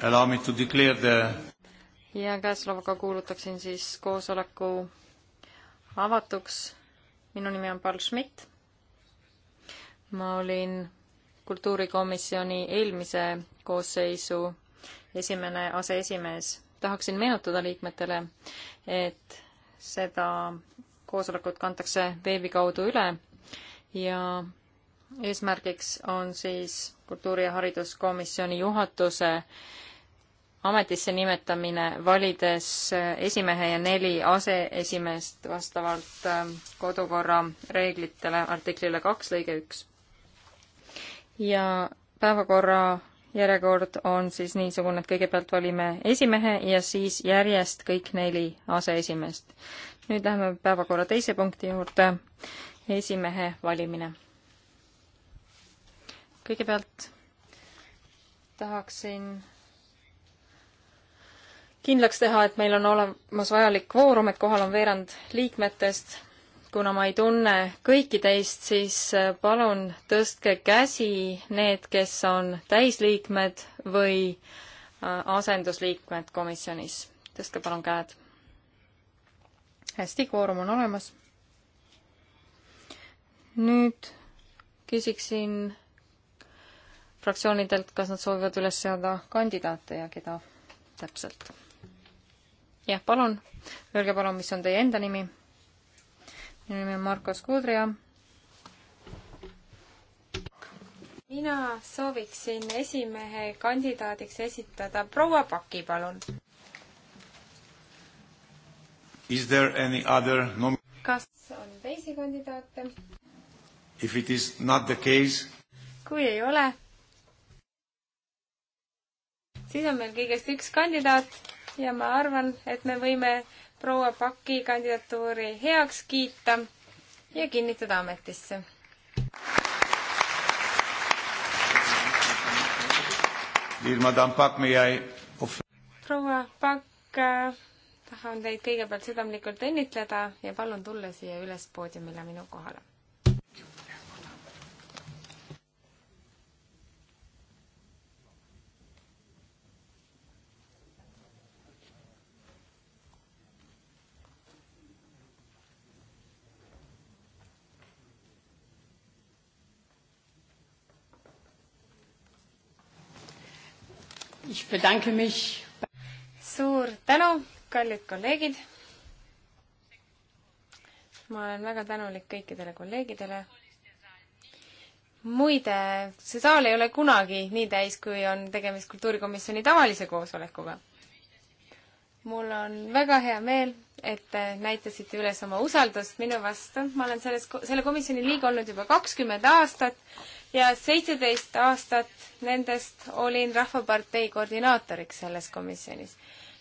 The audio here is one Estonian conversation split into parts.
Allow me to declare the ja käesolevaga kuulutaksin siis koosoleku avatuks. minu nimi on Paul Schmidt. ma olin kultuurikomisjoni eelmise koosseisu esimene aseesimees. tahaksin meenutada liikmetele, et seda koosolekut kantakse veebi kaudu üle ja eesmärgiks on siis kultuuri- ja hariduskomisjoni juhatuse ametisse nimetamine, valides äh, esimehe ja neli aseesimeest vastavalt ähm, kodukorra reeglitele artiklile kaks lõige üks. ja päevakorra järjekord on siis niisugune, et kõigepealt valime esimehe ja siis järjest kõik neli aseesimeest. nüüd läheme päevakorra teise punkti juurde, esimehe valimine. kõigepealt tahaksin kindlaks teha, et meil on olemas vajalik kvoorum, et kohal on veerand liikmetest. kuna ma ei tunne kõiki teist, siis äh, palun tõstke käsi need, kes on täisliikmed või äh, asendusliikmed komisjonis. tõstke palun käed. hästi, kvoorum on olemas. nüüd küsiksin fraktsioonidelt, kas nad soovivad üles seada kandidaate ja keda täpselt jah, palun, öelge palun, mis on teie enda nimi. minu nimi on Marko Skudria. mina sooviksin esimehe kandidaadiks esitada proua Paki, palun. Is there any other nom-? kas on teisi kandidaate? If it is not the case. kui ei ole, siis on meil kõigest üks kandidaat ja ma arvan, et me võime proua Paki kandidatuuri heaks kiita ja kinnitada ametisse. proua Pakk, äh, tahan teid kõigepealt südamlikult õnnitleda ja palun tulla siia üles poodiumile minu kohale. suur tänu, kallid kolleegid. ma olen väga tänulik kõikidele kolleegidele. muide, see saal ei ole kunagi nii täis, kui on tegemist kultuurikomisjoni tavalise koosolekuga. mul on väga hea meel, et te näitasite üles oma usaldust minu vastu. ma olen selles, selle komisjoni liige olnud juba kakskümmend aastat ja seitseteist aastat nendest olin Rahvapartei koordinaatoriks selles komisjonis.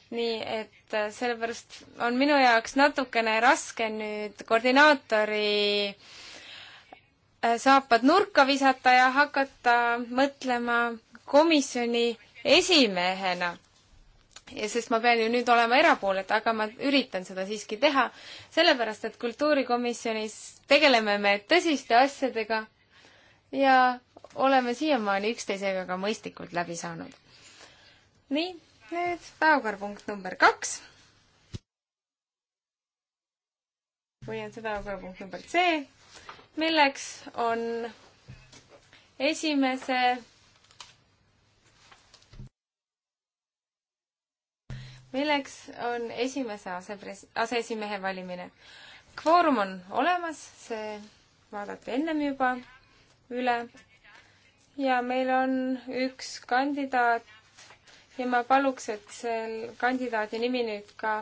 nii et äh, sellepärast on minu jaoks natukene raske nüüd koordinaatori äh, saapad nurka visata ja hakata mõtlema komisjoni esimehena. ja sest ma pean ju nüüd olema erapooletu, aga ma üritan seda siiski teha, sellepärast et kultuurikomisjonis tegeleme me tõsiste asjadega ja oleme siiamaani üksteisega ka mõistlikult läbi saanud. nii, nüüd päevakorrapunkt number kaks. või on see päevakorrapunkt number C, milleks on esimese milleks on esimese asepres-, aseesimehe valimine. kvoorum on olemas, see vaadati ennem juba üle. ja meil on üks kandidaat ja ma paluks, et see kandidaadi nimi nüüd ka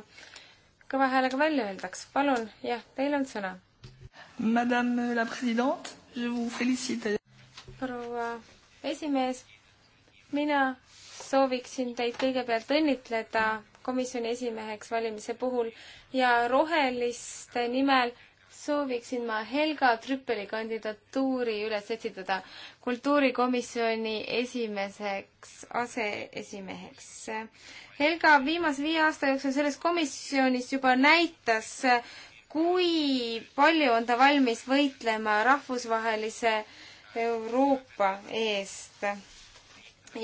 kõva häälega välja öeldaks. palun, jah, teil on sõna. Madame la présidente, je vous félicite. proua esimees, mina sooviksin teid kõigepealt õnnitleda komisjoni esimeheks valimise puhul ja roheliste nimel sooviksin ma Helga Trüppeli kandidatuuri üles etsitada kultuurikomisjoni esimeseks aseesimeheks. Helga viimase viie aasta jooksul selles komisjonis juba näitas, kui palju on ta valmis võitlema rahvusvahelise Euroopa eest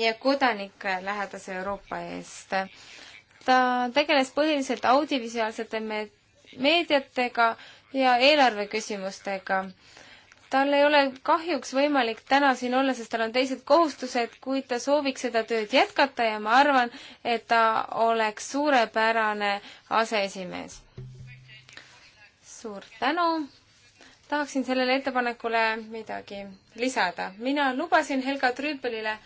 ja kodanike lähedase Euroopa eest. ta tegeles põhiliselt audivisuaalsete meediatega ja eelarve küsimustega. tal ei ole kahjuks võimalik täna siin olla, sest tal on teised kohustused, kuid ta sooviks seda tööd jätkata ja ma arvan, et ta oleks suurepärane aseesimees. suur tänu! tahaksin sellele ettepanekule midagi lisada. mina lubasin Helga Trüüpelile,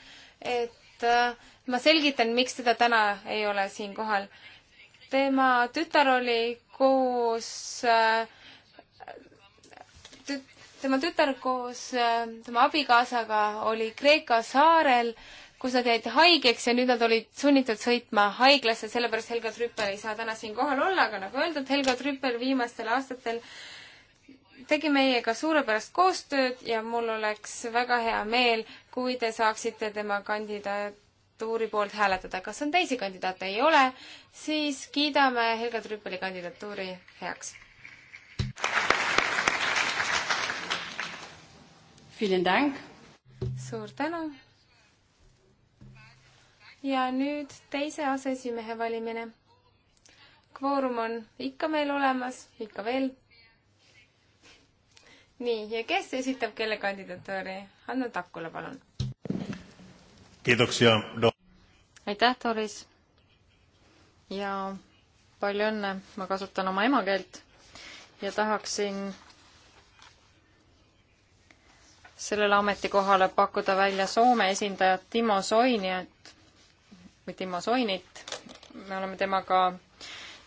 et äh, ma selgitan, miks teda täna ei ole siin kohal. tema tütar oli koos äh, tema tütar koos äh, tema abikaasaga oli Kreeka saarel, kus nad jäid haigeks ja nüüd nad olid sunnitud sõitma haiglasse, sellepärast Helga Trüppel ei saa täna siin kohal olla, aga nagu öeldud, Helga Trüppel viimastel aastatel tegi meiega suurepärast koostööd ja mul oleks väga hea meel, kui te saaksite tema kandidatuuri poolt hääletada. kas on teisi kandidaate? ei ole, siis kiidame Helga Trüppeli kandidatuuri heaks. suur tänu. ja nüüd teise aseesimehe valimine. kvoorum on ikka meil olemas, ikka veel. nii, ja kes esitab kelle kandidatuuri? Hanno Takula, palun. kiitoksia no.. aitäh, Doris. ja palju õnne, ma kasutan oma emakeelt ja tahaksin sellele ametikohale pakkuda välja Soome esindajat Timo Soiniat või Timo Soinit. me oleme temaga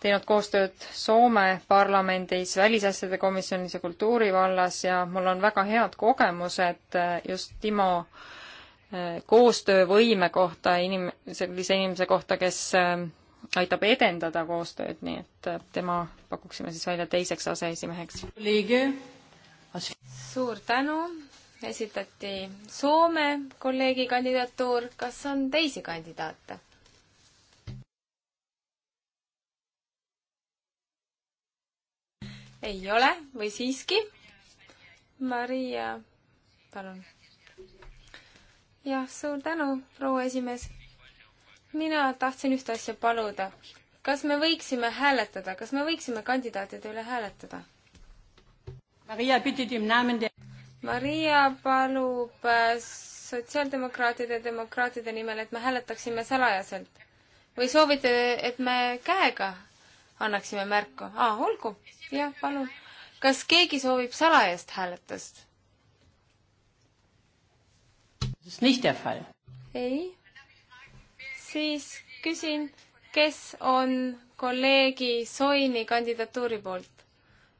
teinud koostööd Soome parlamendis, välisasjade komisjonis ja kultuurivallas ja mul on väga head kogemused eh, just Timo eh, koostöövõime kohta inim-, sellise inimese kohta, kes eh, aitab edendada koostööd, nii et tema pakuksime siis välja teiseks aseesimeheks. suur tänu esitati Soome kolleegi kandidatuur, kas on teisi kandidaate? ei ole või siiski? Maria, palun. jah, suur tänu, proua esimees. mina tahtsin ühte asja paluda. kas me võiksime hääletada, kas me võiksime kandidaatide üle hääletada? Maria, bitte dem Namen der Maria palub äh, sotsiaaldemokraatide ja demokraatide nimel, et me hääletaksime salajaselt. või soovite, et me käega annaksime märku? aa, olgu, jah, palun. kas keegi soovib salajast hääletust? ei. siis küsin, kes on kolleegi Soini kandidatuuri poolt?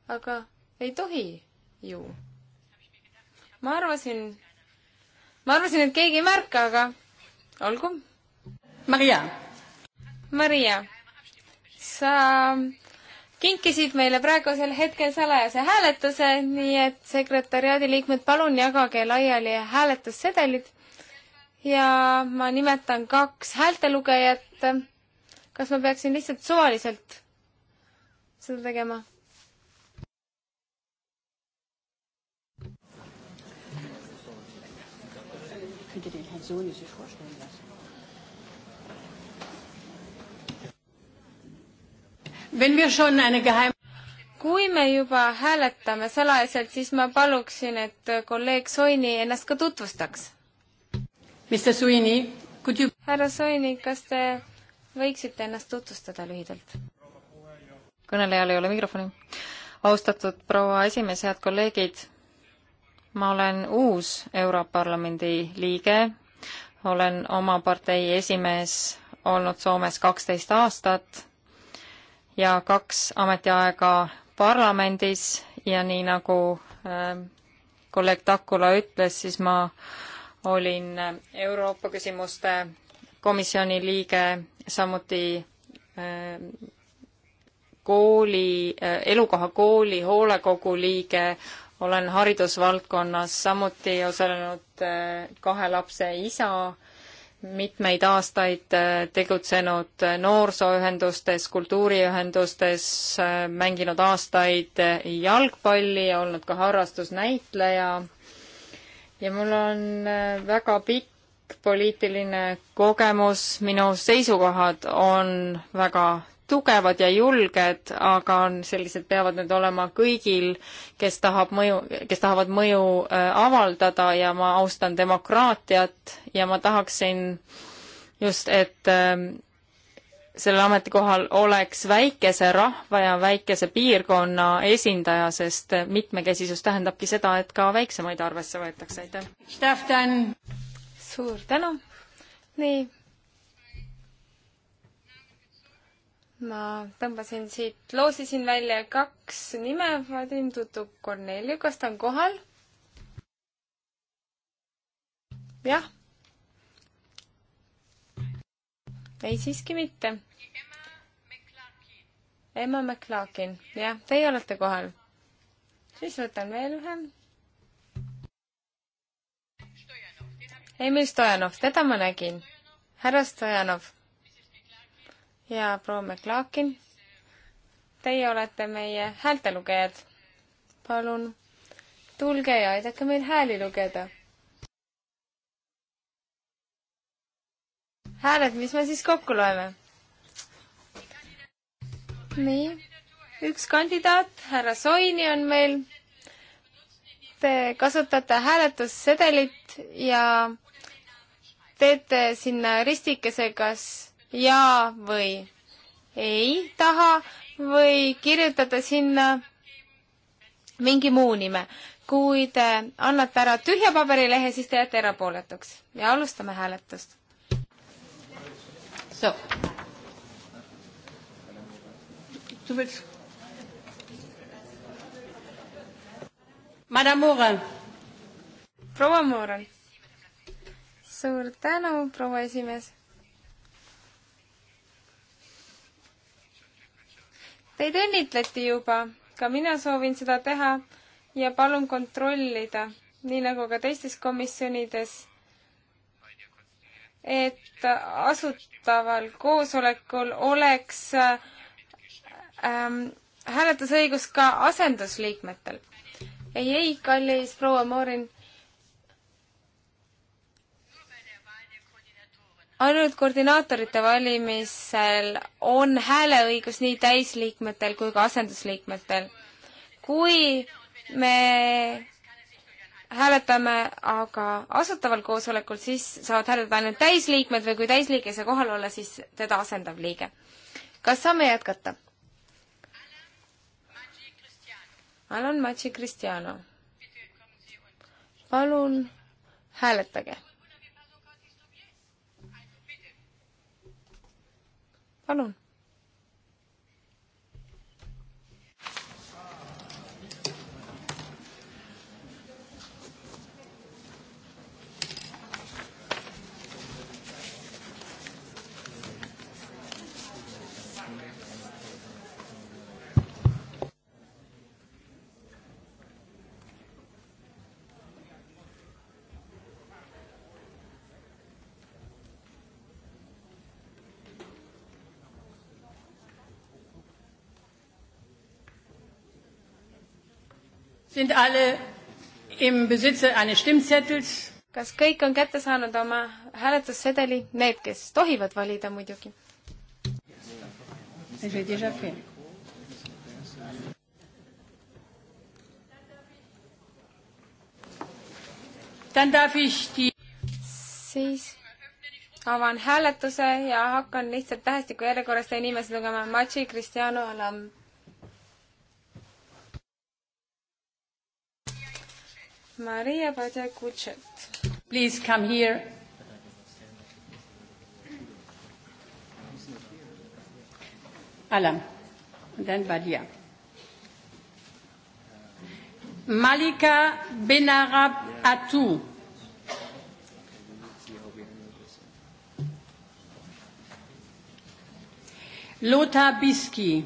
aga ei tohi ju ma arvasin, ma arvasin, et keegi ei märka, aga olgu. Maria. Maria, sa kinkisid meile praegusel hetkel salajase hääletuse, nii et sekretäriaadi liikmed, palun jagage laiali hääletussedelid. ja ma nimetan kaks häältelugejat. kas ma peaksin lihtsalt suvaliselt seda tegema? Sassoli sich vorstellen lassen. kui me juba hääletame salajaselt, siis ma paluksin, et kolleeg Soini ennast ka tutvustaks. You... härra Soini, kas te võiksite ennast tutvustada lühidalt? kõnelejal ei ole mikrofoni. austatud proua esimees, head kolleegid, ma olen uus Europarlamendi liige olen oma partei esimees olnud Soomes kaksteist aastat ja kaks ametiaega parlamendis ja nii nagu ähm, kolleeg Takula ütles, siis ma olin äh, Euroopa küsimuste komisjoni liige, samuti ähm, kooli, äh, elukoha kooli hoolekogu liige, olen haridusvaldkonnas samuti osalenud eh, kahe lapse isa, mitmeid aastaid eh, tegutsenud noorsooühendustes, kultuuriühendustes, eh, mänginud aastaid jalgpalli ja olnud ka harrastusnäitleja. ja mul on väga pikk poliitiline kogemus, minu seisukohad on väga tugevad ja julged, aga on sellised, peavad need olema kõigil, kes tahab mõju, kes tahavad mõju äh, avaldada ja ma austan demokraatiat ja ma tahaksin just, et ähm, sellel ametikohal oleks väikese rahva ja väikese piirkonna esindaja, sest mitmekesisus tähendabki seda, et ka väiksemaid arvesse võetakse, aitäh! suur tänu! nii ma tõmbasin siit, loosisin välja kaks nime, Vadim Tutuk Korneliu, kas ta on kohal? jah. ei, siiski mitte. Emma McLaughlin, jah, teie olete kohal. siis võtan veel ühe. Emil Stojanov, teda ma nägin. härra Stojanov ja proua McLaughlin, teie olete meie häältelugejad. palun tulge ja aidake meil hääli lugeda. hääled, mis me siis kokku loeme? nii, üks kandidaat, härra Soini on meil. Te kasutate hääletussedelit ja teete sinna ristikese, kas ja või ei taha või kirjutada sinna mingi muu nime. kui te annate ära tühja paberilehe, siis te jääte erapooletuks ja alustame hääletust. So. Du willst? Madame Moran. proua Moran. suur tänu, proua esimees Teid õnnitleti juba, ka mina soovin seda teha ja palun kontrollida, nii nagu ka teistes komisjonides, et asutaval koosolekul oleks ähm, hääletusõigus ka asendusliikmetel. ei, ei, kallis proua Moorin ainult koordinaatorite valimisel on hääleõigus nii täisliikmetel kui ka asendusliikmetel. kui me hääletame aga asutaval koosolekul, siis saavad hääletada ainult täisliikmed või kui täisliige ei saa kohal olla, siis teda asendav liige. kas saame jätkata? Alan Maci Cristiano. palun hääletage palun Sind alle im Besitze eines Stimmzettels? kas kõik on kätte saanud oma hääletussedeli, need, kes tohivad valida muidugi? J'ai déjà fait. Dann darf ich die siis avan hääletuse ja hakkan lihtsalt tähestiku järjekorras teie nimesid lugema. Maci Cristiano Alam. Maria Padja Kutšet. Please come here. Alam, then Badia. Malika Benarab Atou. Lothar Biski.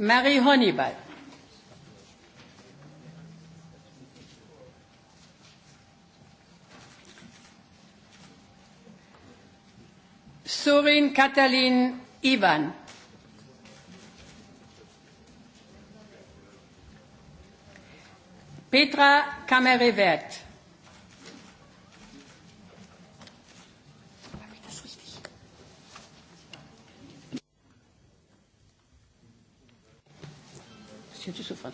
Mary Honeyball. Sorin Katalin Ivan. Petra Kammerevert.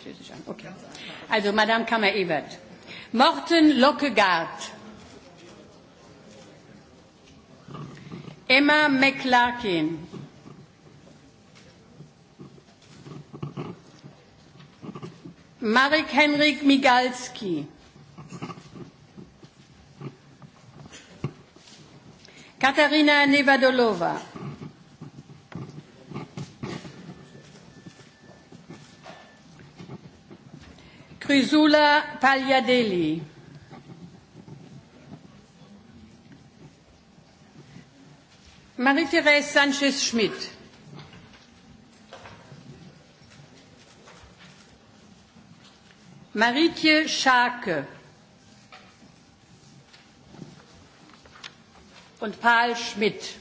Französisch an. Okay. Also, Madame Kammer-Ebert. Morten Lockegaard. Emma McLarkin. Marek Henrik Migalski. Katarina Nevadolova. Pisula Pagliadelli. Marie-Thérèse Sanchez-Schmidt. Marietje Schake. Und Paul Schmidt.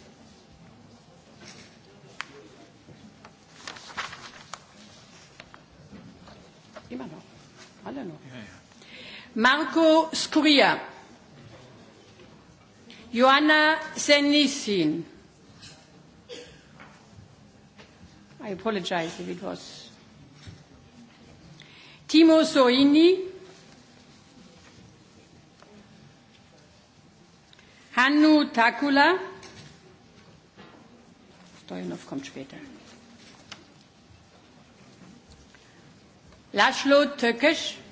I don't know. Marco Scurria, Joanna Senissin. I apologize if it was. Timo Soini, Hannu Takula. Stojanov kommt später. Laszlo Tökes.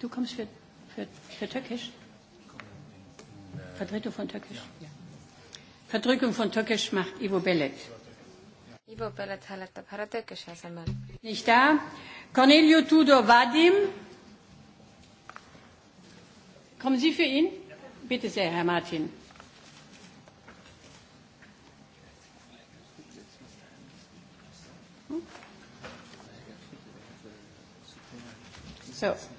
Du kommst für, für, für Türkisch? Vertretung von Türkisch? Ja. Verdrückung von Türkisch macht Ivo Bellet. Ivo Bellet hääletab härra Türkiši asemel. Nicht da. Cornelio Tudor Vadim. Kommen Sie für ihn? Bitte sehr, Herr Martin. So.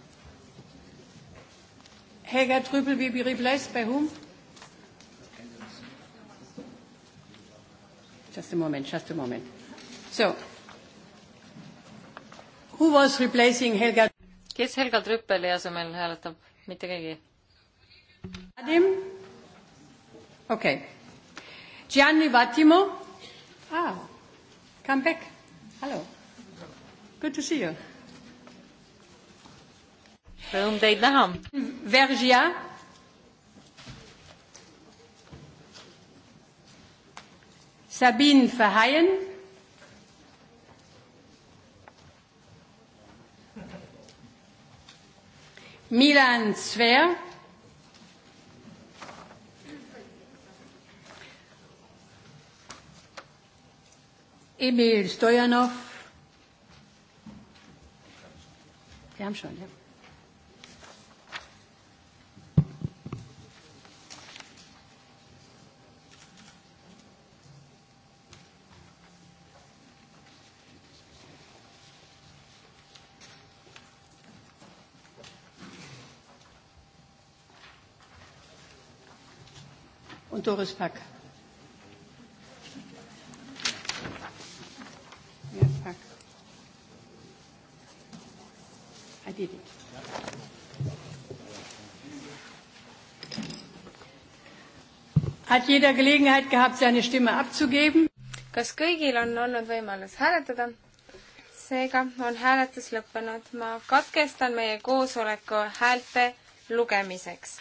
Helga Trüppel will be replaced by whom? Just a moment, just a moment. So, who was replacing Helga? kes Helga Trüppeli asemel hääletab? mitte keegi. Vadim. okei okay.. Gianni Vattimo. Ah, come back. Hello. Good to see you. Rõõm teid näha. Vergia. Sabine Verheyen. Milan Sver. Emil Stojanov. Wir haben schon, ja. und Doris Pack. Yeah, Pack. I did it. Hat jeder Gelegenheit gehabt, seine Stimme abzugeben? kas kõigil on olnud võimalus hääletada? seega on hääletus lõppenud. ma katkestan meie koosoleku häälte lugemiseks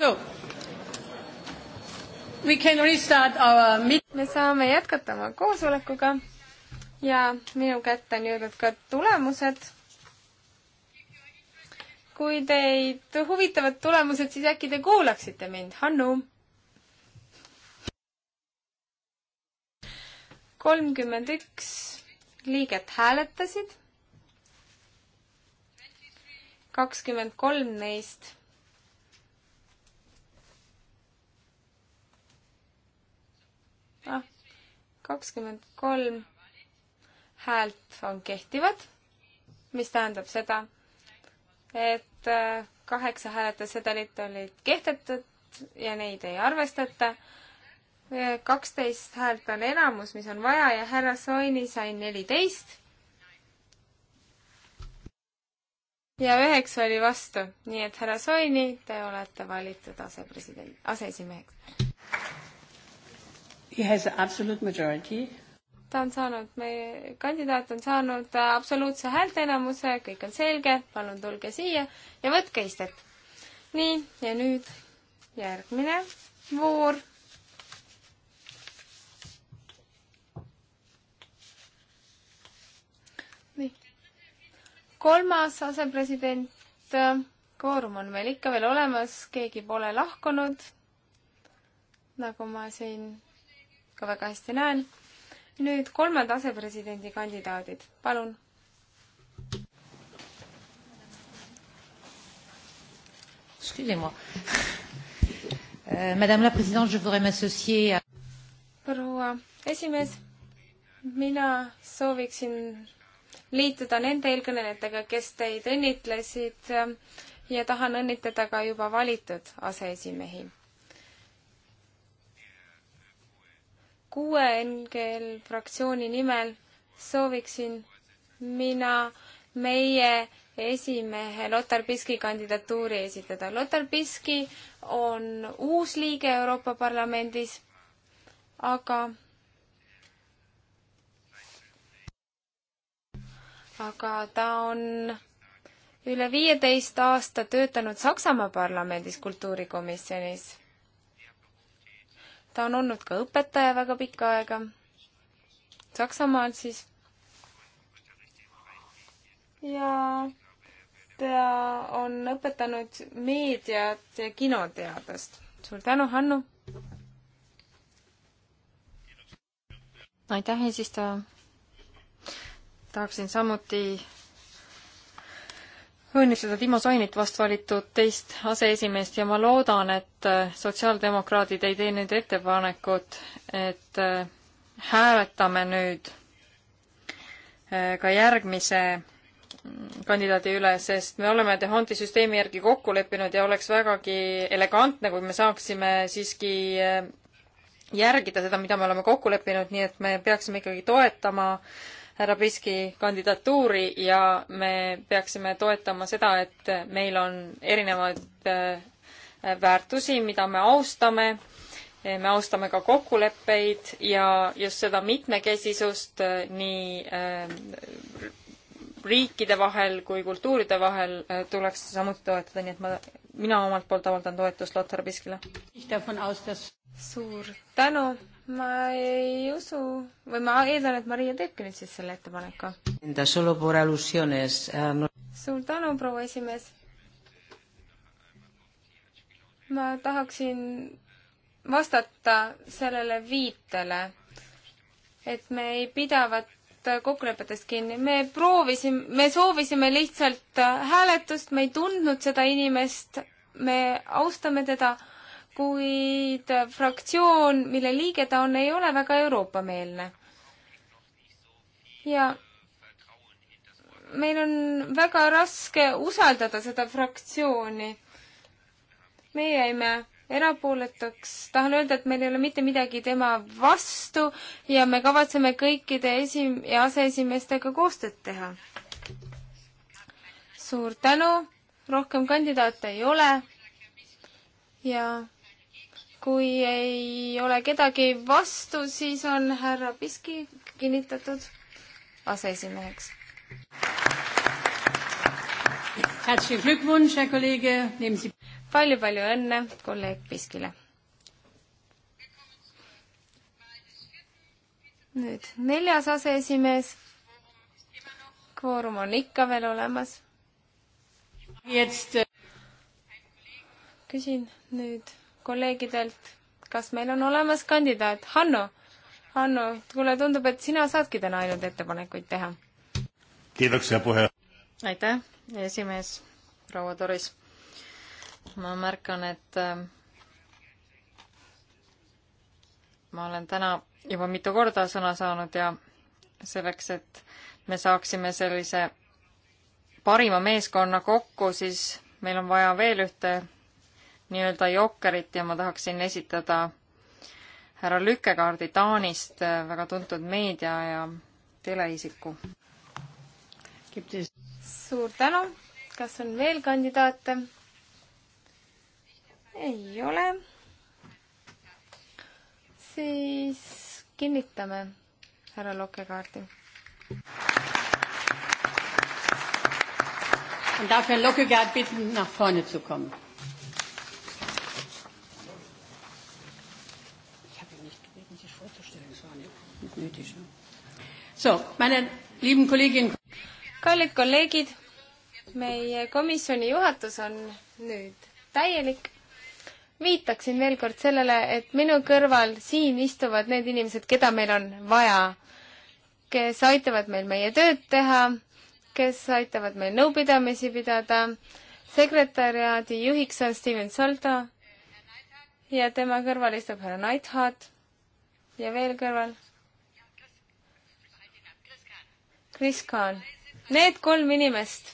no.. We can restart our meet-. me saame jätkata oma koosolekuga ja minu kätte on jõudnud ka tulemused. kui teid huvitavad tulemused, siis äkki te kuulaksite mind, Hannu? kolmkümmend üks liiget hääletasid, kakskümmend kolm neist ah, kakskümmend kolm häält on kehtivad, mis tähendab seda, et äh, kaheksa hääletussedelit olid kehtetud ja neid ei arvestata. Äh, kaksteist häält on enamus, mis on vaja ja härra Soini sai neliteist. ja üheksa oli vastu, nii et härra Soini, te olete valitud asepresident, aseesimeheks. He has absolute majority. ta on saanud, meie kandidaat on saanud absoluutse häälteenamuse, kõik on selge, palun tulge siia ja võtke istet. nii, ja nüüd järgmine voor kolmas asepresident, kvoorum on meil ikka veel olemas, keegi pole lahkunud, nagu ma siin ka väga hästi näen. nüüd kolmanda asepresidendi kandidaadid, palun. Excusez-moi. Euh, Madame la Présidente, je voudrais m'associer à... proua esimees, mina sooviksin liituda nende eelkõnelejatega, kes teid õnnitlesid ja tahan õnnitleda ka juba valitud aseesimehi kuue NGL fraktsiooni nimel sooviksin mina meie esimehe Lotar Piski kandidatuuri esitada. Lotar Piski on uus liige Euroopa Parlamendis, aga aga ta on üle viieteist aasta töötanud Saksamaa parlamendis kultuurikomisjonis ta on olnud ka õpetaja väga pikka aega, Saksamaal siis. ja ta on õpetanud meediat ja kinoteadust. suur tänu, Hannu! aitäh, eesistuja! tahaksin samuti õnnitleda Timo Soinit vast valitud teist aseesimeest ja ma loodan, et äh, sotsiaaldemokraadid ei tee nüüd ettepanekut, et äh, hääletame nüüd äh, ka järgmise mm, kandidaadi üle, sest me oleme Dehonti süsteemi järgi kokku leppinud ja oleks vägagi elegantne, kui me saaksime siiski järgida seda, mida me oleme kokku leppinud, nii et me peaksime ikkagi toetama äh, härra Priski kandidatuuri ja me peaksime toetama seda, et meil on erinevaid äh, väärtusi, mida me austame, me austame ka kokkuleppeid ja just seda mitmekesisust äh, nii äh, riikide vahel kui kultuuride vahel tuleks samuti toetada, nii et ma, mina omalt poolt avaldan toetust Lothar Biskile. suur tänu ma ei usu või ma eeldan, et Maria teebki nüüd siis selle ettepaneku. Eh, suur tänu, proua esimees. ma tahaksin vastata sellele viitele, et me ei pidavat kokkulepetest kinni, me proovisime, me soovisime lihtsalt hääletust, me ei tundnud seda inimest, me austame teda kuid fraktsioon, mille liige ta on, ei ole väga Euroopa-meelne. ja meil on väga raske usaldada seda fraktsiooni. meie jäime erapooletuks, tahan öelda, et meil ei ole mitte midagi tema vastu ja me kavatseme kõikide esi- ja aseesimeestega koostööd teha. suur tänu, rohkem kandidaate ei ole ja kui ei ole kedagi vastu, siis on härra Piski kinnitatud aseesimeheks. palju-palju õnne kolleeg Piskile. nüüd neljas aseesimees. kvoorum on ikka veel olemas. Äh, küsin nüüd kolleegidelt, kas meil on olemas kandidaat. Hanno, Hanno, kuule, tundub, et sina saadki täna ainult ettepanekuid teha. kiitoksia, puhe. aitäh, esimees, proua Doris. ma märkan, et äh, ma olen täna juba mitu korda sõna saanud ja selleks, et me saaksime sellise parima meeskonna kokku, siis meil on vaja veel ühte nii-öelda jokkerit ja ma tahaksin esitada härra Lükkekaardi Taanist, äh, väga tuntud meedia ja teleisiku. suur tänu, kas on veel kandidaate? ei ole. siis kinnitame härra Lokekaardi. Man darf Herrn Lockegaard bitten, nach vorne zu kommen. mythisch. So, meine lieben Kolleginnen. kallid kolleegid, meie komisjoni juhatus on nüüd täielik. viitaksin veel kord sellele, et minu kõrval siin istuvad need inimesed, keda meil on vaja, kes aitavad meil meie tööd teha, kes aitavad meil nõupidamisi pidada. sekretäriaadi juhiks on Steven Soldo ja tema kõrval istub härra Neidhardt ja veel kõrval Kris Kaan. Need kolm inimest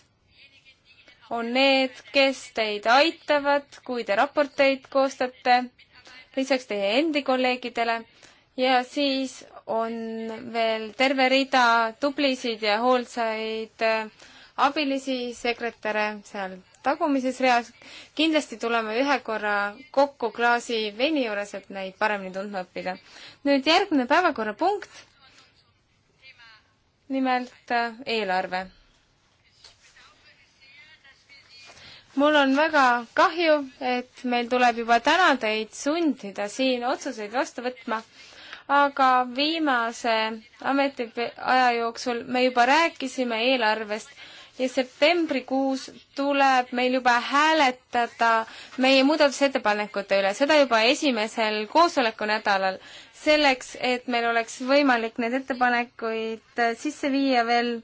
on need, kes teid aitavad, kui te raporteid koostate, lisaks teie endi kolleegidele ja siis on veel terve rida tublisid ja hoolsaid äh, abilisi, sekretäre seal tagumises reas. kindlasti tuleme ühe korra kokku klaasi veini juures, et neid paremini tundma õppida. nüüd järgmine päevakorrapunkt nimelt äh, eelarve. mul on väga kahju, et meil tuleb juba täna teid sundida siin otsuseid vastu võtma, aga viimase ametiaja jooksul me juba rääkisime eelarvest ja septembrikuus tuleb meil juba hääletada meie muudatusettepanekute üle, seda juba esimesel koosolekunädalal, selleks, et meil oleks võimalik neid ettepanekuid sisse viia veel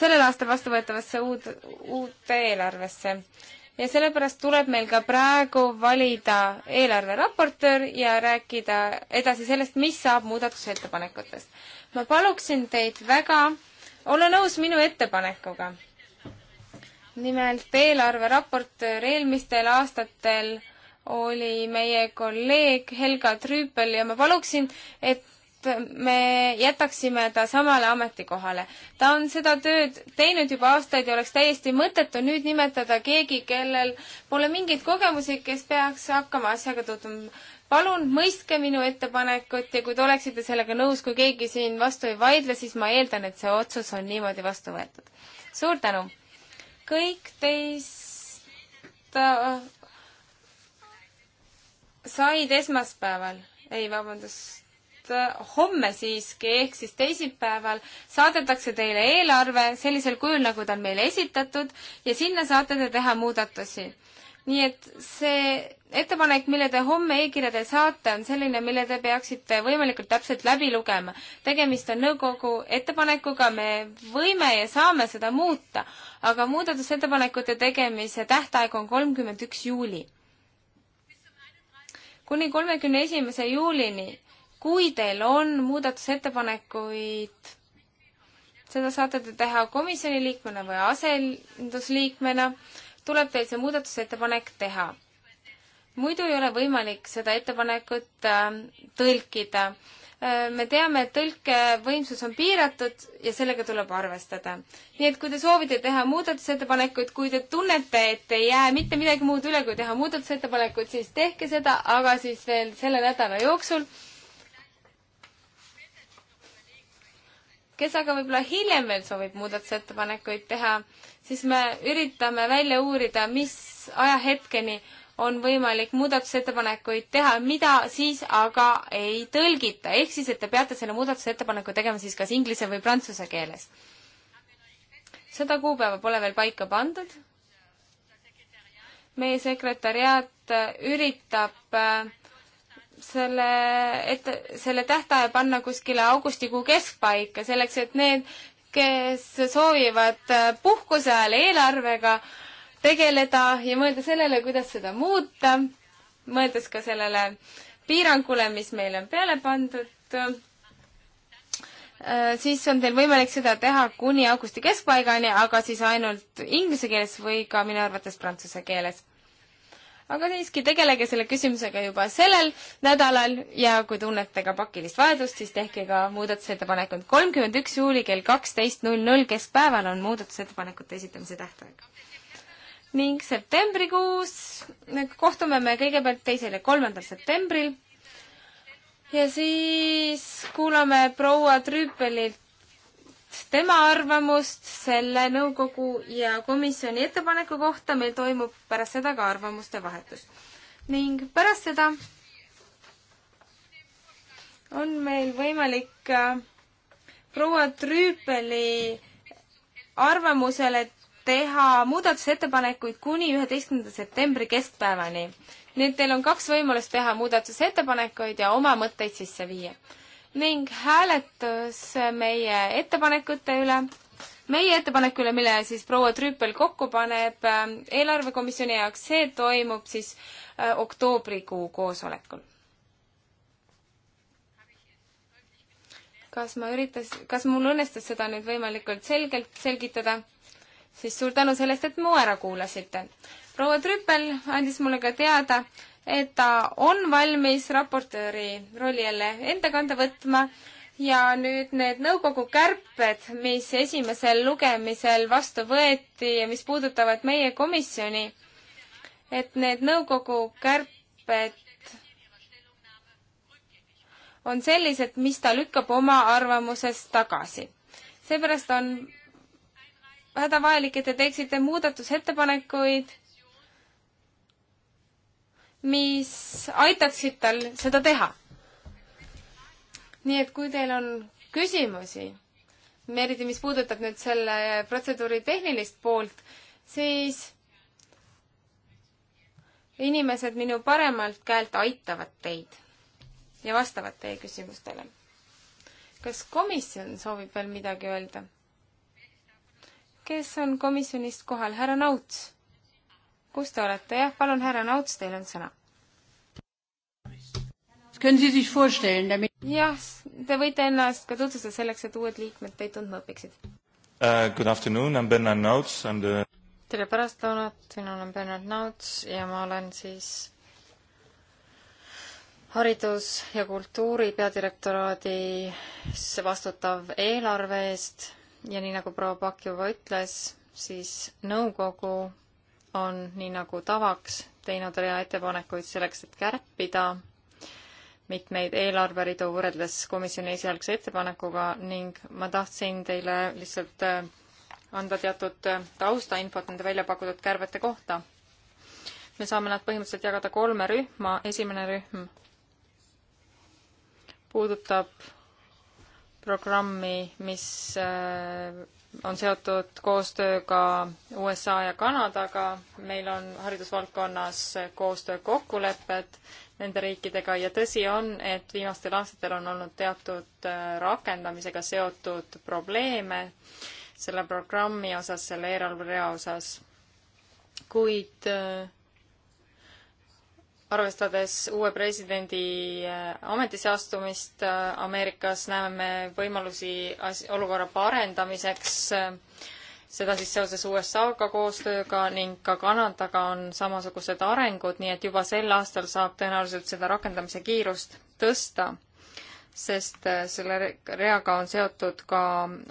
sellel aastal vastuvõetavasse uut, uute eelarvesse. ja sellepärast tuleb meil ka praegu valida eelarveraportöör ja rääkida edasi sellest, mis saab muudatusettepanekutest. ma paluksin teid väga olla nõus minu ettepanekuga. nimelt eelarveraportöör eelmistel aastatel oli meie kolleeg Helga Trüüpel ja ma paluksin, et me jätaksime ta samale ametikohale. ta on seda tööd teinud juba aastaid ja oleks täiesti mõttetu nüüd nimetada keegi, kellel pole mingeid kogemusi, kes peaks hakkama asjaga tutvuma palun mõistke minu ettepanekut ja kui te oleksite sellega nõus, kui keegi siin vastu ei vaidle, siis ma eeldan, et see otsus on niimoodi vastu võetud. suur tänu! kõik teist äh, said esmaspäeval, ei vabandust, homme siiski, ehk siis teisipäeval saadetakse teile eelarve sellisel kujul, nagu ta on meile esitatud ja sinna saate te teha muudatusi. nii et see ettepanek, mille te homme e-kirjadel saate, on selline, mille te peaksite võimalikult täpselt läbi lugema. tegemist on nõukogu ettepanekuga, me võime ja saame seda muuta, aga muudatusettepanekute tegemise tähtaeg on kolmkümmend üks juuli. kuni kolmekümne esimese juulini, kui teil on muudatusettepanekuid, seda saate te teha komisjoni liikmena või asendusliikmena, tuleb teil see muudatusettepanek teha muidu ei ole võimalik seda ettepanekut äh, tõlkida. Äh, me teame, et tõlkevõimsus on piiratud ja sellega tuleb arvestada. nii et kui te soovite teha muudatusettepanekuid, kui te tunnete, et ei jää mitte midagi muud üle, kui teha muudatusettepanekuid, siis tehke seda, aga siis veel selle nädala jooksul. kes aga võib-olla hiljem veel soovib muudatusettepanekuid teha, siis me üritame välja uurida, mis ajahetkeni on võimalik muudatusettepanekuid teha, mida siis aga ei tõlgita, ehk siis, et te peate selle muudatusettepaneku tegema siis kas inglise või prantsuse keeles. seda kuupäeva pole veel paika pandud. meie sekretäriaat äh, üritab äh, selle, et selle tähtaja panna kuskile augustikuu keskpaika, selleks et need, kes soovivad äh, puhkuse ajal eelarvega äh, tegeleda ja mõelda sellele, kuidas seda muuta, mõeldes ka sellele piirangule, mis meile on peale pandud, äh, siis on teil võimalik seda teha kuni augusti keskpaigani, aga siis ainult inglise keeles või ka minu arvates prantsuse keeles. aga siiski tegelege selle küsimusega juba sellel nädalal ja kui tunnete ka pakilist vajadust, siis tehke ka muudatusettepanekud. kolmkümmend üks juuli kell kaksteist null null keskpäeval on muudatusettepanekute esitamise tähtaeg ning septembrikuus kohtume me kõigepealt teisel ja kolmandal septembril. ja siis kuulame proua Trüüpelilt tema arvamust selle nõukogu ja komisjoni ettepaneku kohta. meil toimub pärast seda ka arvamuste vahetus. ning pärast seda on meil võimalik proua Trüüpeli arvamusele teha muudatusettepanekuid kuni üheteistkümnenda septembri keskpäevani. nii et teil on kaks võimalust teha muudatusettepanekuid ja oma mõtteid sisse viia. ning hääletus meie ettepanekute üle, meie ettepaneku üle, mille siis proua Trüüpel kokku paneb ähm, eelarvekomisjoni jaoks, see toimub siis äh, oktoobrikuu koosolekul. kas ma üritas, kas mul õnnestus seda nüüd võimalikult selgelt selgitada? siis suur tänu sellest, et mu ära kuulasite. proua Trüppel andis mulle ka teada, et ta on valmis raportööri rolli jälle enda kanda võtma ja nüüd need nõukogu kärped, mis esimesel lugemisel vastu võeti ja mis puudutavad meie komisjoni, et need nõukogu kärped on sellised, mis ta lükkab oma arvamusest tagasi. seepärast on hädavajalik, et te teeksite muudatusettepanekuid, mis aitaksid tal seda teha. nii et kui teil on küsimusi, eriti mis puudutab nüüd selle protseduuri tehnilist poolt, siis inimesed minu paremalt käelt aitavad teid ja vastavad teie küsimustele. kas komisjon soovib veel midagi öelda? kes on komisjonist kohal, härra Nauts? kus te olete, jah, palun, härra Nauts, teil on sõna. jah, te võite ennast ka tutvustada selleks, et uued liikmed teid tundma õpiksid uh,. Good afternoon, I m Bernard Nauts, I m the tere pärastlõunat, minu nimi on Bernard Nauts ja ma olen siis haridus- ja kultuuri peadirektoraadis vastutav eelarve eest ja nii nagu proua Pakk juba ütles, siis nõukogu on nii nagu tavaks teinud rea ettepanekuid selleks, et kärpida mitmeid eelarveridu võrreldes komisjoni esialgse ettepanekuga ning ma tahtsin teile lihtsalt äh, anda teatud äh, taustainfot nende välja pakutud kärbete kohta. me saame nad põhimõtteliselt jagada kolme rühma, esimene rühm puudutab programmi, mis äh, on seotud koostööga USA ja Kanadaga, meil on haridusvaldkonnas koostöökokkulepped nende riikidega ja tõsi on, et viimastel aastatel on olnud teatud äh, rakendamisega seotud probleeme selle programmi osas, selle eelarverea osas. kuid äh, arvestades uue presidendi äh, ametisse astumist äh, Ameerikas, näeme me võimalusi olukorra parendamiseks, äh, seda siis seoses USA-ga koostööga ning ka Kanadaga on samasugused arengud, nii et juba sel aastal saab tõenäoliselt seda rakendamise kiirust tõsta, sest selle reaga on seotud ka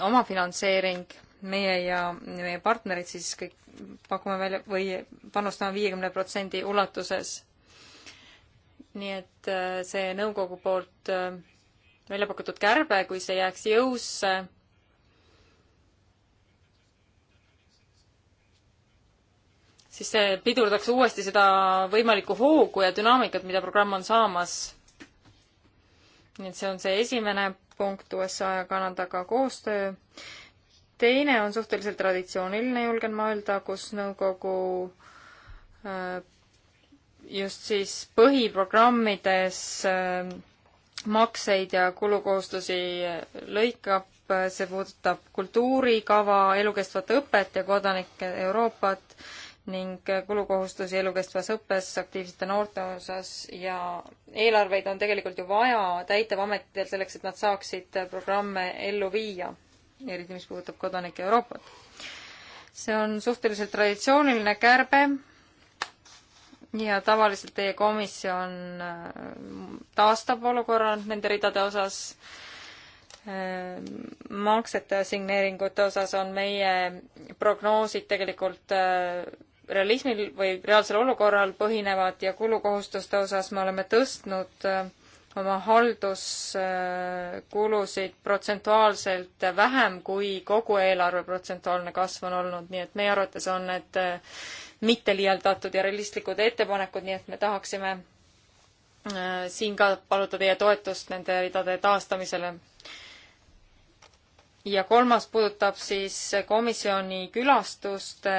omafinantseering, meie ja meie partnerid siis kõik pakume välja või panustame viiekümne protsendi ulatuses nii et äh, see nõukogu poolt äh, välja pakutud kärbe, kui see jääks jõusse, siis see pidurdaks uuesti seda võimalikku hoogu ja dünaamikat, mida programm on saamas. nii et see on see esimene punkt USA ja Kanadaga koostöö. teine on suhteliselt traditsiooniline, julgen ma öelda, kus nõukogu äh, just siis põhiprogrammides ähm, makseid ja kulukohustusi lõikab, äh, see puudutab kultuurikava, elukestvat õpet ja kodanike Euroopat ning äh, kulukohustusi elukestvas õppes aktiivsete noorte osas ja eelarveid on tegelikult ju vaja täitevametitel selleks, et nad saaksid äh, programme ellu viia, eriti mis puudutab kodanike Euroopat. see on suhteliselt traditsiooniline kärbe ja tavaliselt teie komisjon äh, taastab olukorra nende ridade osas. Äh, maksete signeeringute osas on meie prognoosid tegelikult äh, realismil või reaalsel olukorral põhinevad ja kulukohustuste osas me oleme tõstnud oma halduskulusid protsentuaalselt vähem, kui kogu eelarve protsentuaalne kasv on olnud, nii et meie arvates on need mitte liialdatud ja realistlikud ettepanekud, nii et me tahaksime äh, siin ka paluda teie toetust nende ridade taastamisele. ja kolmas puudutab siis komisjoni külastuste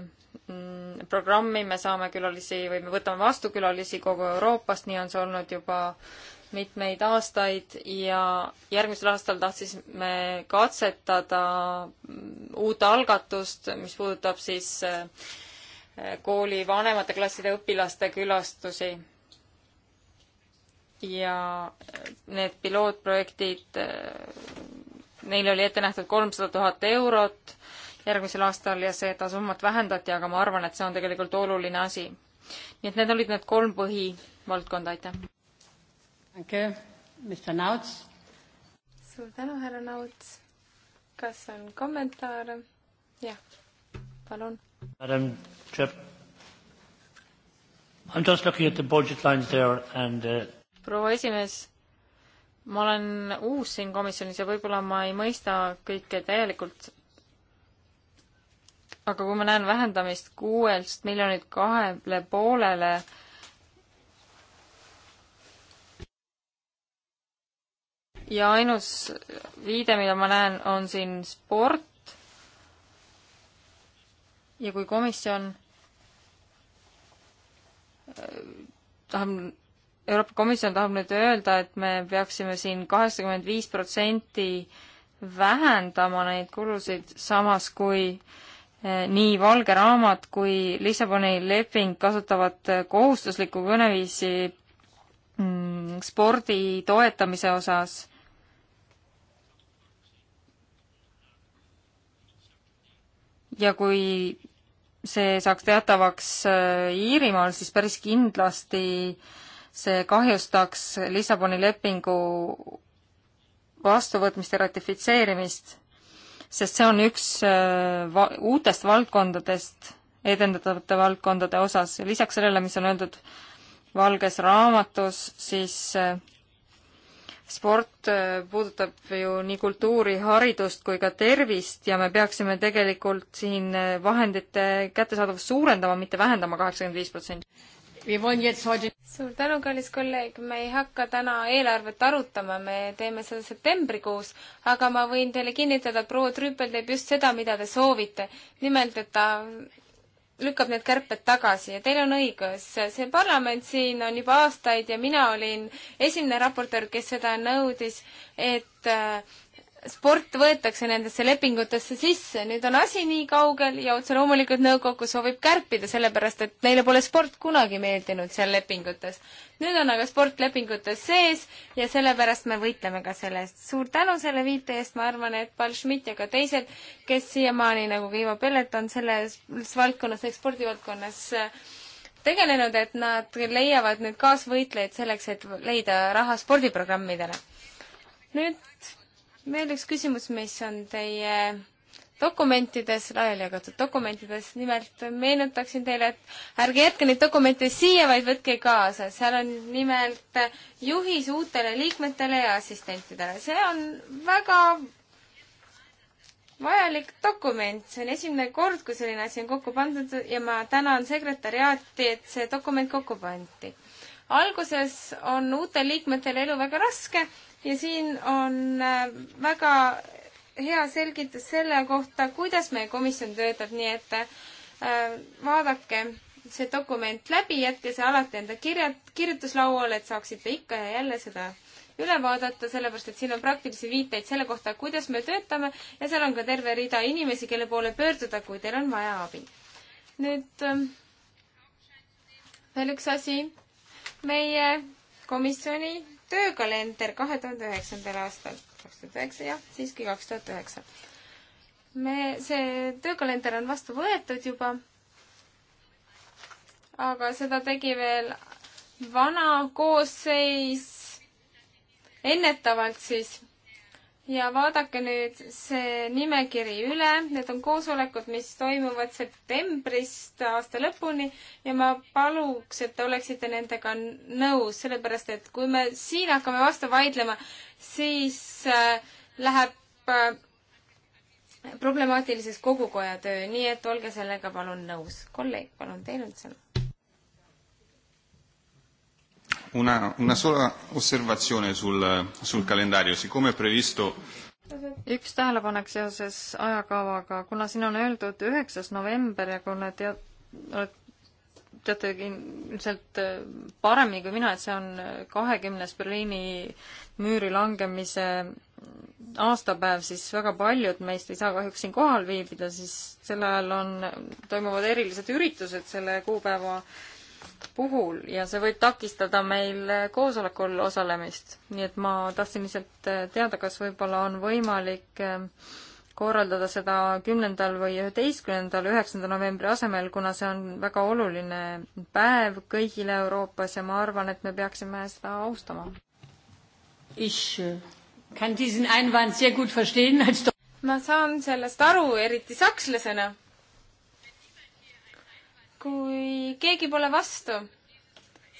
mm, programmi, me saame külalisi või me võtame vastu külalisi kogu Euroopast, nii on see olnud juba mitmeid aastaid ja järgmisel aastal tahtsime katsetada mm, uut algatust, mis puudutab siis äh, kooli vanemate klasside õpilaste külastusi. ja need pilootprojektid, neile oli ette nähtud kolmsada tuhat eurot järgmisel aastal ja seda summat vähendati, aga ma arvan, et see on tegelikult oluline asi. nii et need olid need kolm põhivaldkonda, aitäh. aitäh, Mr Nauts. suur tänu, härra Nauts. kas on kommentaare? jah, palun Madam Chair, I am just looking at the budget lines there and uh... proua esimees, ma olen uus siin komisjonis ja võib-olla ma ei mõista kõike täielikult, aga kui ma näen vähendamist kuuest miljonilt kahele poolele, ja ainus viide, mida ma näen, on siin sport, ja kui komisjon äh, tahab, Euroopa Komisjon tahab nüüd öelda, et me peaksime siin kaheksakümmend viis protsenti vähendama neid kulusid, samas kui äh, nii Valge Raamat kui Lissaboni leping kasutavad äh, kohustuslikku kõneviisi mm, spordi toetamise osas. ja kui see saaks teatavaks äh, Iirimaal, siis päris kindlasti see kahjustaks Lissaboni lepingu vastuvõtmist ja ratifitseerimist, sest see on üks äh, va-, uutest valdkondadest, edendatavate valdkondade osas, lisaks sellele, mis on öeldud valges raamatus, siis äh, sport äh, puudutab ju nii kultuuri, haridust kui ka tervist ja me peaksime tegelikult siin äh, vahendite kättesaadavust suurendama, mitte vähendama kaheksakümmend viis protsenti. suur tänu, kallis kolleeg, me ei hakka täna eelarvet arutama, me teeme seda septembrikuus, aga ma võin teile kinnitada, proua Trüppel teeb just seda, mida te soovite. nimelt, et ta lükkab need kärped tagasi ja teil on õigus, see parlament siin on juba aastaid ja mina olin esimene raportöör, kes seda nõudis, et äh, sport võetakse nendesse lepingutesse sisse, nüüd on asi nii kaugel ja otse loomulikult nõukogu soovib kärpida, sellepärast et neile pole sport kunagi meeldinud seal lepingutes. nüüd on aga sport lepingutes sees ja sellepärast me võitleme ka selle eest. suur tänu selle viite eest, ma arvan, et Paul Schmidt ja ka teised, kes siiamaani nagu ka Ivo Pellet on selles valdkonnas, spordivaldkonnas äh, tegelenud, et nad leiavad nüüd kaasvõitlejaid selleks, et leida raha spordiprogrammidele. nüüd veel üks küsimus, mis on teie dokumentides, laiali jagatud dokumentides, nimelt meenutaksin teile, et ärge jätke neid dokumente siia, vaid võtke kaasa, seal on nimelt juhis uutele liikmetele ja assistentidele, see on väga vajalik dokument, see on esimene kord, kui selline asi on kokku pandud ja ma tänan sekretäriaati, et see dokument kokku pandi alguses on uutel liikmetel elu väga raske ja siin on äh, väga hea selgitus selle kohta, kuidas meie komisjon töötab, nii et äh, vaadake see dokument läbi, jätke see alati enda kirja, kirjutuslauale, et saaksite ikka ja jälle seda üle vaadata, sellepärast et siin on praktilisi viiteid selle kohta, kuidas me töötame ja seal on ka terve rida inimesi, kelle poole pöörduda, kui teil on vaja abi. nüüd äh, veel üks asi meie komisjoni töökalender kahe tuhande üheksandal aastal, kaks tuhat üheksa, jah, siiski kaks tuhat üheksa. me, see töökalender on vastu võetud juba, aga seda tegi veel vana koosseis ennetavalt siis ja vaadake nüüd see nimekiri üle, need on koosolekud, mis toimuvad septembrist aasta lõpuni ja ma paluks, et te oleksite nendega nõus, sellepärast et kui me siin hakkame vastu vaidlema, siis äh, läheb äh, problemaatiliseks kogukoja töö, nii et olge sellega palun nõus. kolleeg, palun, teil on sõna Una, una sola osservazione sul, sul calendario, siccome è previsto üks tähelepanek seoses ajakavaga, kuna siin on öeldud üheksas november ja kuna tead, teate ilmselt äh, paremini kui mina, et see on äh, kahekümnes Berliini müüri langemise mm, aastapäev, siis väga paljud meist ei saa kahjuks siin kohal viibida, siis sel ajal on, äh, toimuvad erilised üritused selle kuupäeva äh, puhul ja see võib takistada meil koosolekul osalemist. nii et ma tahtsin lihtsalt äh, teada, kas võib-olla on võimalik ähm, korraldada seda kümnendal või üheteistkümnendal, üheksanda novembri asemel, kuna see on väga oluline päev kõigile Euroopas ja ma arvan, et me peaksime seda austama. Äh, ma saan sellest aru, eriti sakslasena kui keegi pole vastu,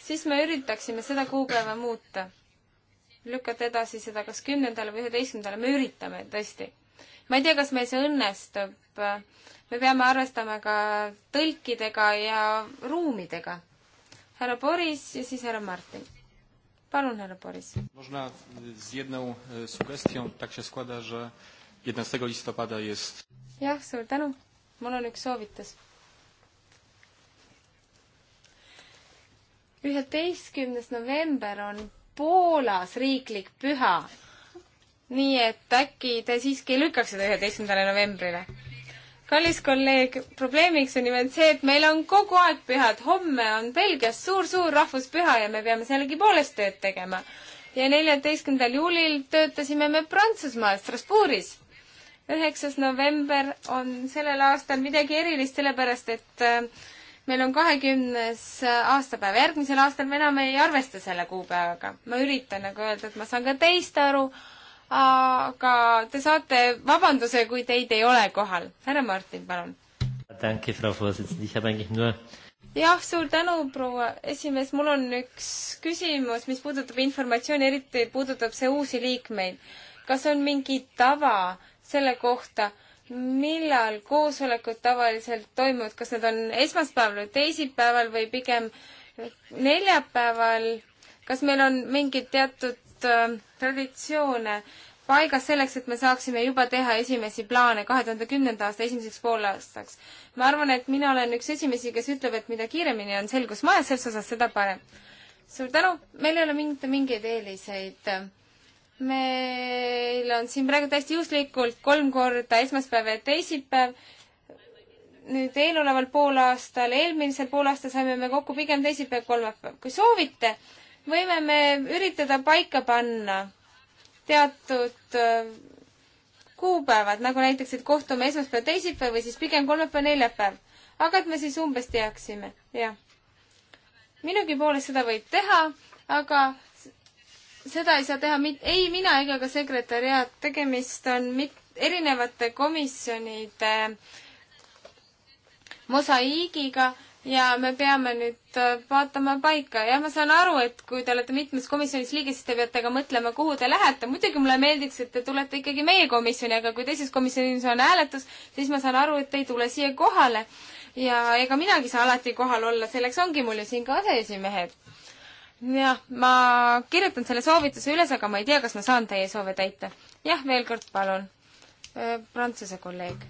siis me üritaksime seda kuupäeva muuta. lükata edasi seda kas kümnendale või üheteistkümnendale, me üritame tõesti. ma ei tea, kas meil see õnnestub. me peame arvestama ka tõlkidega ja ruumidega. härra Boris ja siis härra Martin. palun, härra Boris. można z jedną e, sugestią, tak się składa, że jedenastego listopada jest jah, suur tänu. mul on üks soovitus üheteistkümnes november on Poolas riiklik püha. nii et äkki te siiski ei lükkaks seda üheteistkümnendale novembrile? kallis kolleeg, probleemiks on nimelt see, et meil on kogu aeg pühad, homme on Belgias suur-suur rahvuspüha ja me peame sellegipoolest tööd tegema. ja neljateistkümnendal juulil töötasime me Prantsusmaal Strasbourgis. üheksas november on sellel aastal midagi erilist, sellepärast et äh, meil on kahekümnes aastapäev, järgmisel aastal me enam ei arvesta selle kuupäevaga. ma üritan nagu öelda, et ma saan ka teist aru, aga te saate vabanduse, kui teid ei ole kohal. härra Martin, palun. jah, suur tänu, proua esimees, mul on üks küsimus, mis puudutab informatsiooni, eriti puudutab see uusi liikmeid. kas on mingi tava selle kohta, millal koosolekud tavaliselt toimuvad, kas need on esmaspäeval või teisipäeval või pigem neljapäeval, kas meil on mingeid teatud äh, traditsioone paigas selleks, et me saaksime juba teha esimesi plaane kahe tuhande kümnenda aasta esimeseks poolaastaks? ma arvan, et mina olen üks esimesi, kes ütleb, et mida kiiremini on selgus majas, selles osas seda parem. suur tänu, meil ei ole mitte mingeid eeliseid äh, meil on siin praegu täiesti juhuslikult kolm korda esmaspäev ja teisipäev. nüüd eeloleval poolaastal, eelmisel poolaastal saime me kokku pigem teisipäev, kolmapäev. kui soovite, võime me üritada paika panna teatud äh, kuupäevad, nagu näiteks, et kohtume esmaspäev, teisipäev või siis pigem kolmapäev, neljapäev. aga et me siis umbes teaksime, jah. minugi poolest seda võib teha, aga seda ei saa teha mit-, ei mina ega ka sekretäriaat, tegemist on mit-, erinevate komisjonide mosaiigiga ja me peame nüüd äh, vaatama paika. jah, ma saan aru, et kui te olete mitmes komisjonis liige, siis te peate ka mõtlema, kuhu te lähete. muidugi mulle meeldiks, et te tulete ikkagi meie komisjoni, aga kui teises komisjonis on hääletus, siis ma saan aru, et te ei tule siia kohale. ja ega minagi saa alati kohal olla, selleks ongi mul ju siin ka aseesimehed jah, ma kirjutan selle soovituse üles, aga ma ei tea, kas ma saan teie soove täita. jah, veel kord palun. Prantsuse kolleeg.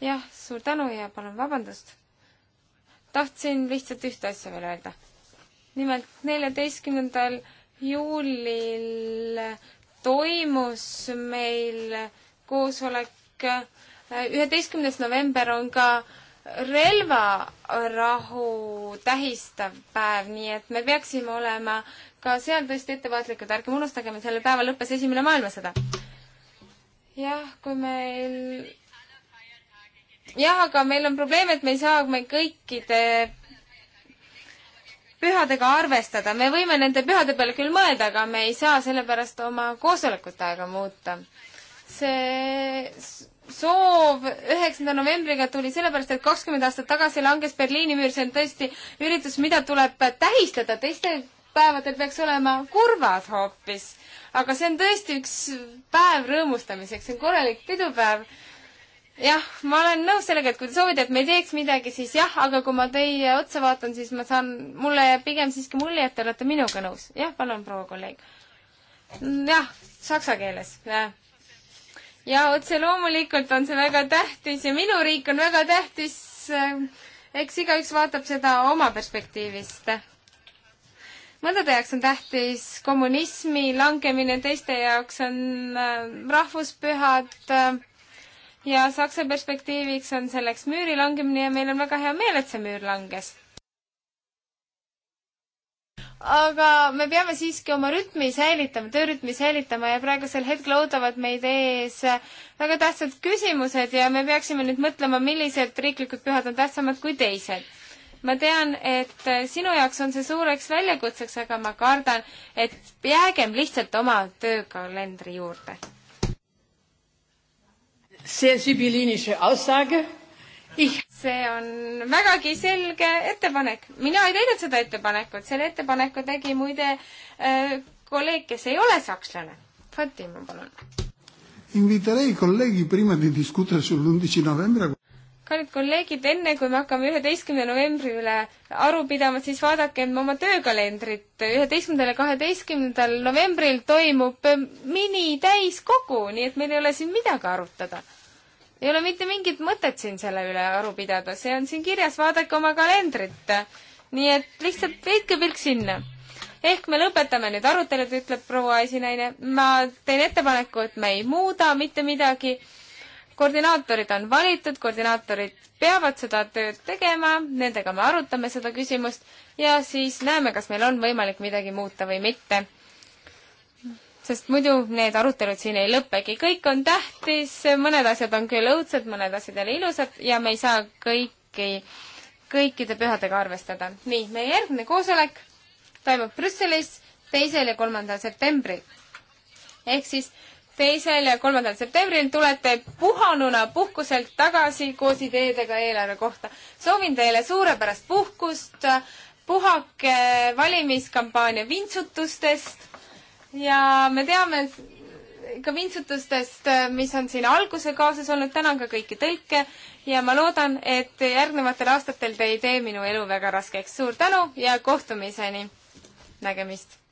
jah, suur tänu ja palun vabandust. tahtsin lihtsalt ühte asja veel öelda. nimelt neljateistkümnendal juulil toimus meil koosolek, üheteistkümnes november on ka äh, relvarahu tähistav päev, nii et me peaksime olema ka seal tõesti ettevaatlikud, ärgem unustagem, et sellel päeval lõppes Esimene maailmasõda. jah, kui meil jah, aga meil on probleem, et me ei saa me kõikide pühadega arvestada, me võime nende pühade peale küll mõelda, aga me ei saa sellepärast oma koosolekute aega muuta. see soov üheksanda novembriga tuli sellepärast, et kakskümmend aastat tagasi langes Berliini müür, see on tõesti üritus, mida tuleb tähistada, teistel päevadel peaks olema kurvad hoopis. aga see on tõesti üks päev rõõmustamiseks, see on korralik pidupäev jah, ma olen nõus sellega, et kui te soovite, et me ei teeks midagi, siis jah, aga kui ma teie otsa vaatan, siis ma saan, mulle jääb pigem siiski mulje, et te olete minuga nõus. jah, palun, proua kolleeg. jah, saksa keeles ja otse loomulikult on see väga tähtis ja minu riik on väga tähtis. eks igaüks vaatab seda oma perspektiivist. mõndade jaoks on tähtis kommunismi langemine, teiste jaoks on äh, rahvuspühad äh, ja Saksa perspektiiviks on selleks müüri langemine ja meil on väga hea meel, et see müür langes aga me peame siiski oma rütmi säilitama, töörütmi säilitama ja praegusel hetkel ootavad meid ees väga tähtsad küsimused ja me peaksime nüüd mõtlema, millised riiklikud pühad on tähtsamad kui teised. ma tean, et sinu jaoks on see suureks väljakutseks, aga ma kardan, et jäägem lihtsalt oma töökalendri juurde. see on vägagi selge ettepanek. mina ei teinud seda ettepanekut, selle ettepaneku tegi muide äh, kolleeg, kes ei ole sakslane. Fatima, palun. Inviterei kolleegi prima di discutere sull'undici novembre kallid kolleegid, enne kui me hakkame üheteistkümnenda novembri üle aru pidama, siis vaadakem oma töökalendrit. üheteistkümnendal ja kaheteistkümnendal novembril toimub minitäiskogu, nii et meil ei ole siin midagi arutada ei ole mitte mingit mõtet siin selle üle aru pidada, see on siin kirjas, vaadake oma kalendrit. nii et lihtsalt leidke pilk sinna. ehk me lõpetame nüüd arutelud, ütleb proua esinaine. ma teen ettepaneku, et me ei muuda mitte midagi koordinaatorid on valitud, koordinaatorid peavad seda tööd tegema, nendega me arutame seda küsimust ja siis näeme, kas meil on võimalik midagi muuta või mitte sest muidu need arutelud siin ei lõpegi. kõik on tähtis, mõned asjad on küll õudsed, mõned asjad jälle ilusad ja me ei saa kõiki, kõikide pühadega arvestada. nii, meie järgmine koosolek toimub Brüsselis teisel ja kolmandal septembril. ehk siis teisel ja kolmandal septembril tulete puhanuna puhkuselt tagasi koos ideedega eelarve kohta. soovin teile suurepärast puhkust, puhake valimiskampaania vintsutustest ja me teame ka vintsutustest, mis on siin alguse kaasas olnud, tänan ka kõiki tõlke ja ma loodan, et järgnevatel aastatel te ei tee minu elu väga raskeks. suur tänu ja kohtumiseni! nägemist!